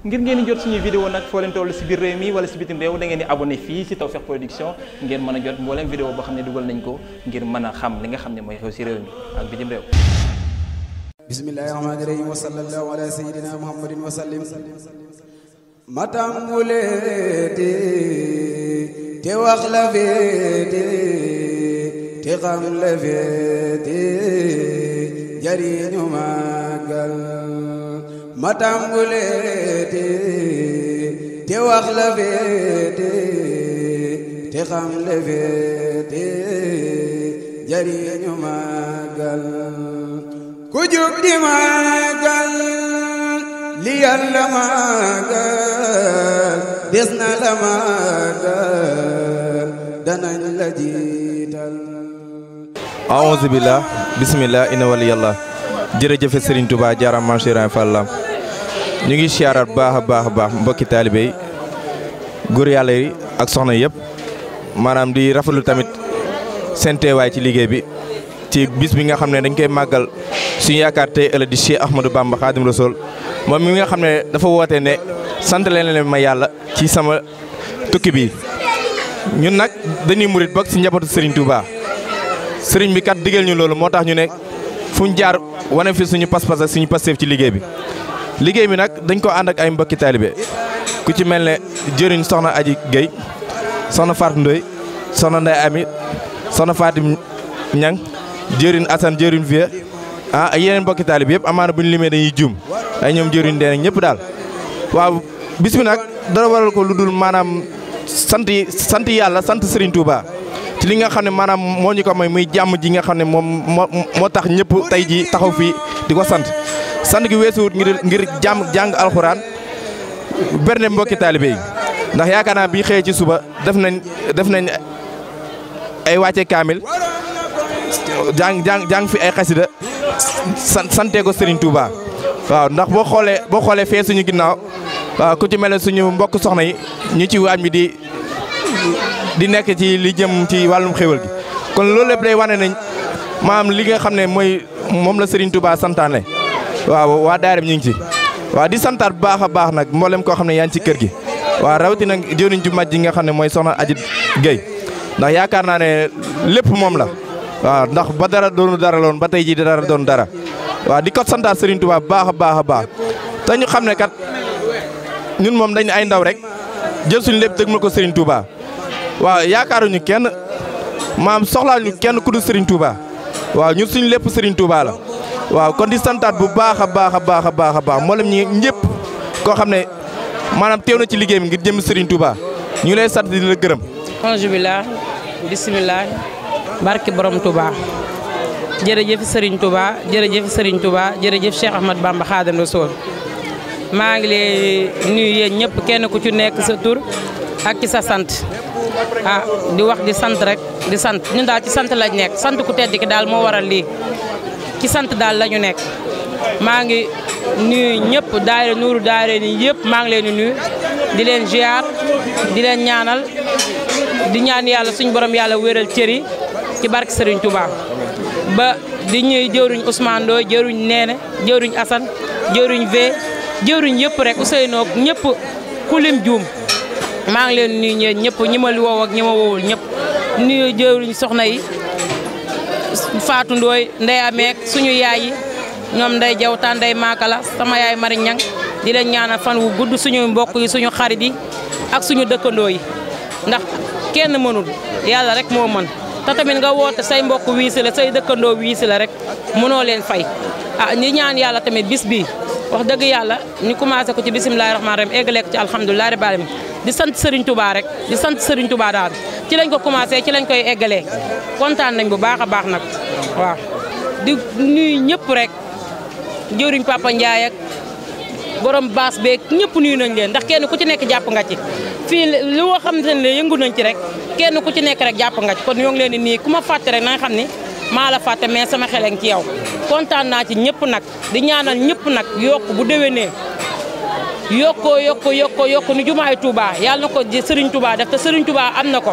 ngir ngeen di jot suñuy vidéo nag foo leen si biir réew mi wala si bitim réew da di abonné fii si Tawfekh Production ngeen mën a jot mbooleem vidéo boo xam ne dugal nañ ko ngir mën a xam li nga xam ne mooy xew si réew mi ak bitim réew bismillahi rahmaani rahim wa sallallahu ala sayyidina muhammadin te wax la feeti te xam la feeti jariñu màggal ma tàmbuleeti te wax la féete te xam le féete jariñu màggal ku jug di màggal li yàlla màggal des na la màggal danañ la jiital aouzu billah bismillah inna waliyallah jërëjëfe Serigne Touba jaaraam Maam Cheikh Ibra Fall ñu ngi siyaaraat baax a baax a baax mbokki taalibe yi góor yàlla yi ak soxna yëpp maanaam di rafetlu tamit seen teewaay ci liggéey bi ci bis bi nga xam ne dañ koy màggal suñu yaakaar tey ëllëg di Cheikh Ahmadou Bamba Khadim moom mi nga xam ne dafa woote ne sant na leen ma yàlla ci sama tukki bi ñun nag dañuy murit bokk ci njabootu Serigne Touba sëriñ bi kat digal ñu loolu moo tax ñu ne fu ñu jaar wane fi suñu pas-pas ak suñu pasteef ci liggéey bi. liggéey bi nag dañ ko ànd ak ay mbokki taalibe ku ci mel ne jëriñ soxna Aji Guèye soxna Fatou Ndoye soxna Ndeye Ami soxna Fatim Ñang jëriñ Assane jëriñ Vieux ah ak yeneen mbokki taalibe yëpp amaana bu ñu limee dañuy juum ay ñoom jëriñ dee nag ñëpp daal waaw bis bi nag dara waral ko lu dul maanaam sant sant yàlla sant Serigne Touba ci li nga xam ne maanaam moo ñu ko moy muy jàmm ji nga xam ne moom moo tax ñëpp tey ji taxaw fii di ko sant sant gi weesuwut ngir ngir jàmm jàng alxuraan berne mbokki taalibe yi ndax yaakaar naa bi xëyee ci suba def nañ def nañ ay wàcce kaamil jàng jàng jàng fi ay xasida sant sante ko Serigne Touba waaw ndax boo xoolee boo xoolee fee suñu ginnaaw waaw ku ci mel ne suñu mbokk soxna yi ñu ci waañ bi di di nekk ci li jëm ci wàllum xéwal gi kon loolu lépp day wane nañ maam li nga xam ne mooy moom la Serigne Touba santaane. waaw waa daara bi ñu ngi ci waa di santaat bu baax a baax nag mboolem koo xam ne yaan ci kër gi waa rawatina jëriñ ju màjj ji nga xam ne mooy soxna Adji Guèye ndax yaakaar naa ne lépp moom la waaw ndax ba dara doonu dara loon ba tey jii dara doon dara waaw di ko santaat Serigne Touba baax baax a baax te ñu xam ne kat ñun moom dañ ay ndaw rek jël suñu lépp ma ko Serigne Touba waaw yaakaaruñu kenn maam soxlaañu kenn ku sëriñ Serigne Touba waaw ñun suñu lépp Serigne Touba la. waaw kon di santaat bu baax a baax a baax a baax a baax mboolem ñi ñëpp koo xam ne maanaam teew na ci liggéey mi ngir jëm Serigne Touba ñu lay sant di la gërëm. alhamdulilah bisimilah barke borom Touba jërëjëf sëriñ Touba jërëjëf Serigne Touba jërëjëf Cheikh Ahmad Bamba Xaadimu Rasuul maa ngi lay nuyu yéen ñëpp kenn ku ci nekk sa tur ak ci sa sant a ah, di wax di sant rek di sant ñun daal ci sant lañ nekk sant ku tedd daal moo waral lii. ci sant daal la ñu nekk maa ngi nuyu ñëpp daayira nuuru daayira ni yëpp maa ngi leen di nuyu di leen ziar di leen ñaanal di ñaan yàlla suñu borom yàlla wéral cër ci barke Serigne Touba ba di ñuy jëwriñ Ousmane Ndoye jëwriñ Neene jëwriñ Assane jëruñ Ve jëruñ yëpp rek Ousseynou ñëpp ku lim juum maa ngi leen nuyu ñëpp ñi ma woow ak ñi ñëpp nuyu jëwriñ soxna yi. Fatou Ndoye Ndeya Meek suñu yaay yi ñoom nday jaw tan maakala sama yaay Mari Ñang di leen ñaanal fan wu gudd suñu mbokk yi suñu xarit yi ak suñu dëkkandoo yi ndax kenn mënul yàlla rek moo mën tamit nga woote say mbokk wiisi say dëkkandoo wiisi la rek mënoo leen fay ah ñi ñaan yàlla tamit bis bii wax dëgg yàlla ñu commencé ko ci bisimilahi rahmaani rahim eggaleeg ci alhamdulilah rabbil di sant Serigne Touba rek di sant Serigne tubaa daal ci lañ ko commencé ci lañ koy eggalee kontaan nañ bu baax a baax nag waaw. di nuyu ñëpp rek jëwriñ Papa Ndiaye ak borom baas beeg ñëpp nuyu nañ leen ndax kenn ku ci nekk jàpp nga ci fii li nga xamante ne yëngu nañ ci rek kenn ku ci nekk rek jàpp nga ci kon ñoo ngi nii ku ma fàtte rek na xam ni. maa la fàtte mais sama xel a ngi ci yow kontaan naa ci ñëpp nag di ñaanal ñëpp nag yokk bu déwénee yokkoo yokkoo yokkoo yokku ni jumaay Touba yàlla na ko Serigne tubaa def te Serigne tubaa am na ko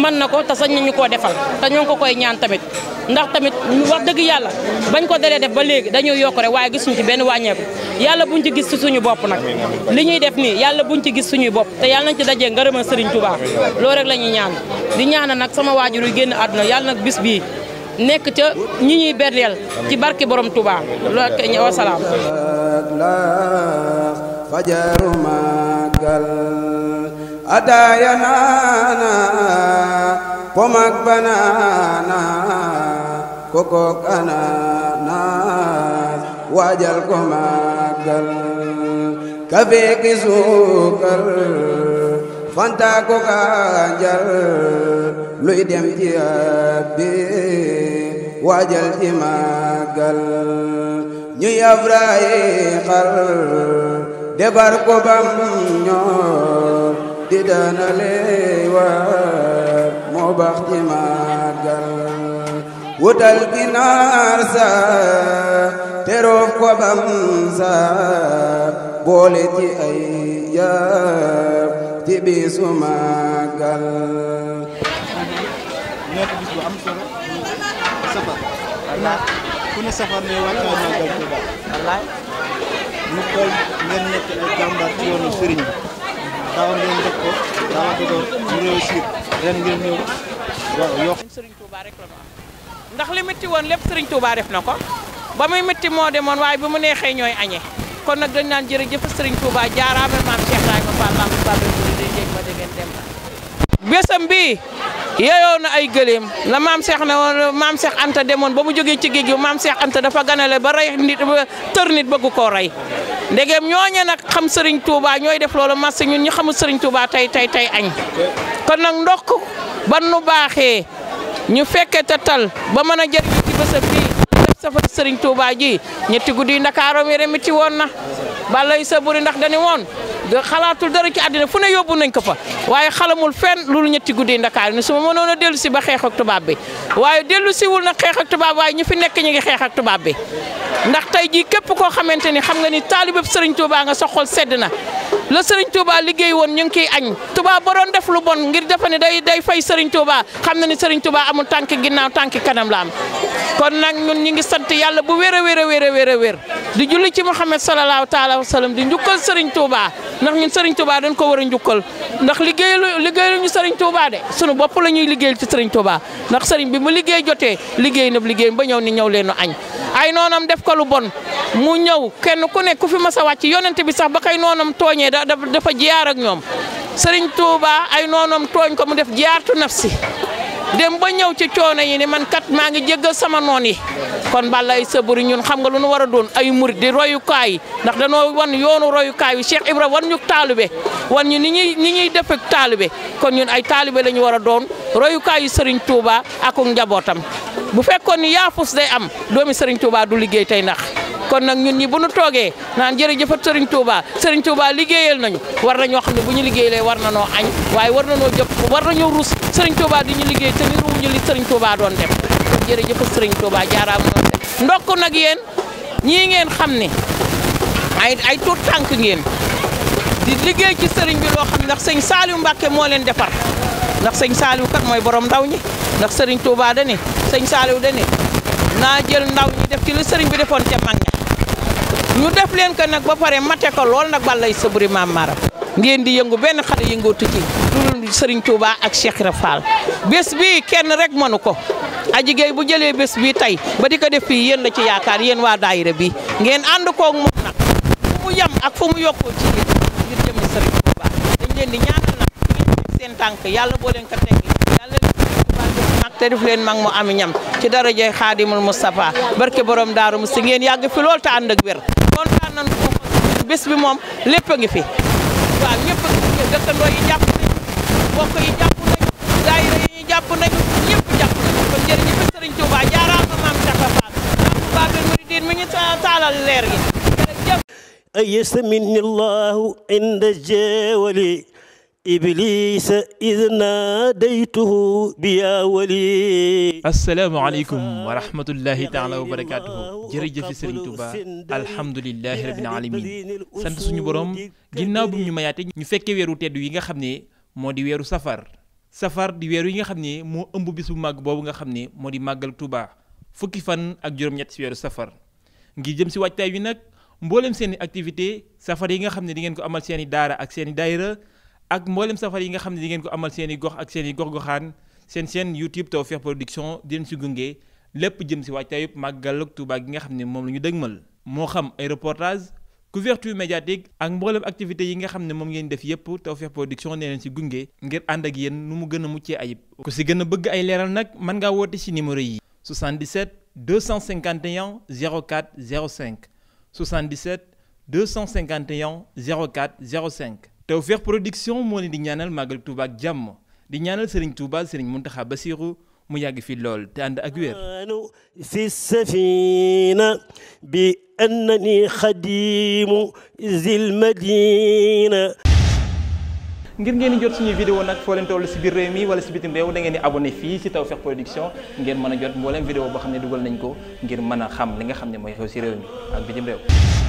mën na ko te sañ nañu koo defal te ñoo ko koy ñaan tamit ndax tamit wax dëgg yàlla bañ ko dalee def ba léegi dañuy yokk rek waaye gisuñu ci benn wàññeeku yàlla buñ ci gis ci suñu bopp nag li ñuy def nii yàlla buñ ci gis suñuy bopp te yàlla nañ ci dajee ngërëmal Serigne Touba loolu rek la ñuy ñaan di ñaana nag sama génn àdduna yàlla nag bis bii nekk ca ñi ñuy berdeel ci barki borom Touba loolu ak ñi wasalaam fajaru magal adaya nana pomak banana kokok anana wajal ko magal kafe ki sukar fanta ko ganjar luy dem ci bi waajal ci màggal ñuy abraayi xar defar ko bam ñor di daana ley war moo baax ci màggal wutal ginaar sa teroof ko bam sa boole ci ay yàpp ci bisu màggal nekk bis bu am solo ñu safar. wallaay ku ne Tuuba. wallaay. ñu xool ngeen nekk ay jàmbaar ci yoonu sëriñ bi. daaw ngeen def ko daaw a doon mu Tuuba rek la ma ndax li metti woon lépp sëriñ Tuuba def na ko ba muy metti moo demoon waaye bi mu neexee ñooy añee kon nag dañ naan jërëjëf sëriñ Tuuba jaaraame maam Cheikh Ibrahima Fall Lamp Babou Ndiaye dégg ma dégg ngeen dem la bésam bii. yeyoo na ay gëléem na maam Cheikh ne woon maam Anta demoon ba mu jógee ci géej gi maam Cheikh Anta dafa ganale ba rey nit ba tër nit bëgg koo rey ndegem ñooñe nag xam sëriñ Touba ñooy def loolu mas ñun ñu xamul Serigne Touba tey tey tey añ kon nag ndokk ban nu baaxee ñu fekke te tal ba mën a jëriñu ci bésam bii safar Serigne Touba ji ñetti guddi Ndakaaru mi remiti woon na lay sa buri ndax dañu woon xalaatul dara ci àddina fu ne yóbbu nañ ko fa waaye xalamul fen loolu ñetti guddi Ndakaar ni su ma mënoon a dellu si ba xeex ak tubaab bi waaye dellu siwul na xeex ak tubaab waaye ñu fi nekk ñu ngi xeex ak tubaab bi ndax tey jii képp koo xamante ni xam nga ni taalibe Sëriñ baa nga sa sedd na la Serigne Touba liggéey woon ñu ngi kiy añ Touba ba doon def lu bon ngir defe ne day day fay Serigne Touba xam na ni Serigne Touba amul tànk ginnaaw tànk kanam la am kon nag ñun ñu ngi sant yàlla bu wér a wér a wér a wér a wér di julli ci Muhammad salallaahu taala wa sallam di njukkal Serigne Touba ndax ñun Serigne Touba dañ ko war a njukkal ndax liggéeyalu liggéeyalu ñu Serigne Touba de sunu bopp la ñuy liggéeyal ci Serigne Touba ndax Serigne bi mu liggéey jotee liggéey na liggéey ba ñëw ni ñëw leen añ ay noonam def ko lu bon mu ñëw kenn ku ne ku fi mas a wàcc yonent bi sax ba kay noonam tooñee dafa jiyaar ak ñoom Sëriñ Tuuba ay noonam tooñ ko mu def jiyaartu nafsi dem ba ñëw ci coono yi ne man kat maa ngi jéggal sama noon yi kon Balla ay saburi ñun xam nga lu nu war a doon ay murit di royukaay ndax danoo wan yoonu royukaay yu Cheikh Ibra wan ñu taalibe wan ñu ni ñuy ni ñuy def ak taalibe kon ñun ay taalibe la ñu war a doon royukaay yu Serigne Touba ak njabootam bu fekkoon ni yaafus day am doomi Serigne Touba du liggéey tey ndax. kon nag ñun ñi bu nu toogee naan jërëjëfat Serigne Touba Serigne Touba liggéeyal nañu war na ñoo xam ne bu ñu liggéeyalee war na noo añ waaye war na noo jëpp war nañoo rus Serigne Touba di ñu liggéey te ni ruuñu li Serigne Touba doon def kon jërëjëfat sëriñ Touba jaaraama noonu def ndokk nag yeen ñii ngeen xam ne ay ay tuut tànk ngeen di liggéey ci sëriñ bi loo xam ndax sëñ Saliou Mbacke moo leen defar ndax sëñ Saliou kat mooy borom ndaw ñi ndax sëriñ Touba dani sëñ Saliou dani naa jël ndaw ñi def ci lu sëriñ bi defoon ca mag ña ñu def leen ko nag ba pare mate ko lool nag balay saburi maam maram ngeen di yëngu benn xale yëngoo ci dul sëriñ Touba ak Cheikh Ibra bés bi kenn rek mënu ko a géey bu jëlee bés bi tey ba di ko def fii yéen la ci yaakaar yéen waa daayira bi ngeen ànd koog moom nag fu mu yem ak fu mu yokkoo ci ngir jëmi sëriñ Touba dañ leen di ñaanal nag seen tànk yàlla boo leen ko teggi te leen mag mu am ñam ci darajay xaadimul Moustapha barke borom daaru mu si ngeen yàgg fi loolu te ànd ak wér kontaan nañu ko bés bi moom lépp a ngi fi waaw ñëpp a ngi fi dëkkandoo yi jàpp nañu mbokk jàpp nañu daayira yi jàpp nañu ñëpp jàpp nañu kon jërëjëf Sëriñ mi ñu taalal leer gi jërëjëf ay yastamin illahu inda jeewali iblis id naadaytuhu bi yaa wali asalaamaaleykum wa rahmatullahi taala wa barakaatuhu jërëjëf Serigne Touba alhamdulilahi rabil sant suñu borom ginnaaw bi ñu mayaate ñu fekkee weeru tedd yi nga xam ne moo di weeru safar safar di weeru yi nga xam ne moo ëmb bis bu màgg boobu nga xam ne moo di màggal Touba fukki fan ak juróom-ñett si weeru safar ngir jëm si waajtaay wi nag mboolem seen activité safar yi nga xam ne di ko amal seeni i daara ak seen i ak mboolem safar yi nga xam ne di ngeen ko amal seen i gox ak seeni i gox-goxaan seen seen YouTube Tawfekh Production di leen si gunge lépp jëm si waajtaayub màggal ak gi nga xam ne moom la ñu dëgmal moo xam ay reportage couverture médiatique ak mboolem activité yi nga xam ne moom ngeen def yépp Tawfekh Production nee leen si gunge ngir ànd ak yéen nu mu gën a muccee ayib ku si gën a bëgg ay leeral nag mën ngaa woote si numéro yi 77 251 04 05 77 251 04 05 Tawfekh Production moo ne di ñaanal màggal Touba jàmm di ñaanal Serigne Touba Serigne ba Bassirou mu yàgg fi lool te ànd ak wér fi safina bi annani xadimu zil madina ngir ngeen di jot suñuy vidéo nag foo leen toll si biir réew mi wala si bitim réew da ngeen di abonné fii si Tawfekh Production ngeen mën a jot mbooleem vidéo boo xam ne dugal nañ ko ngir mën a xam li nga xam ne mooy xew si réew mi ak bitim réew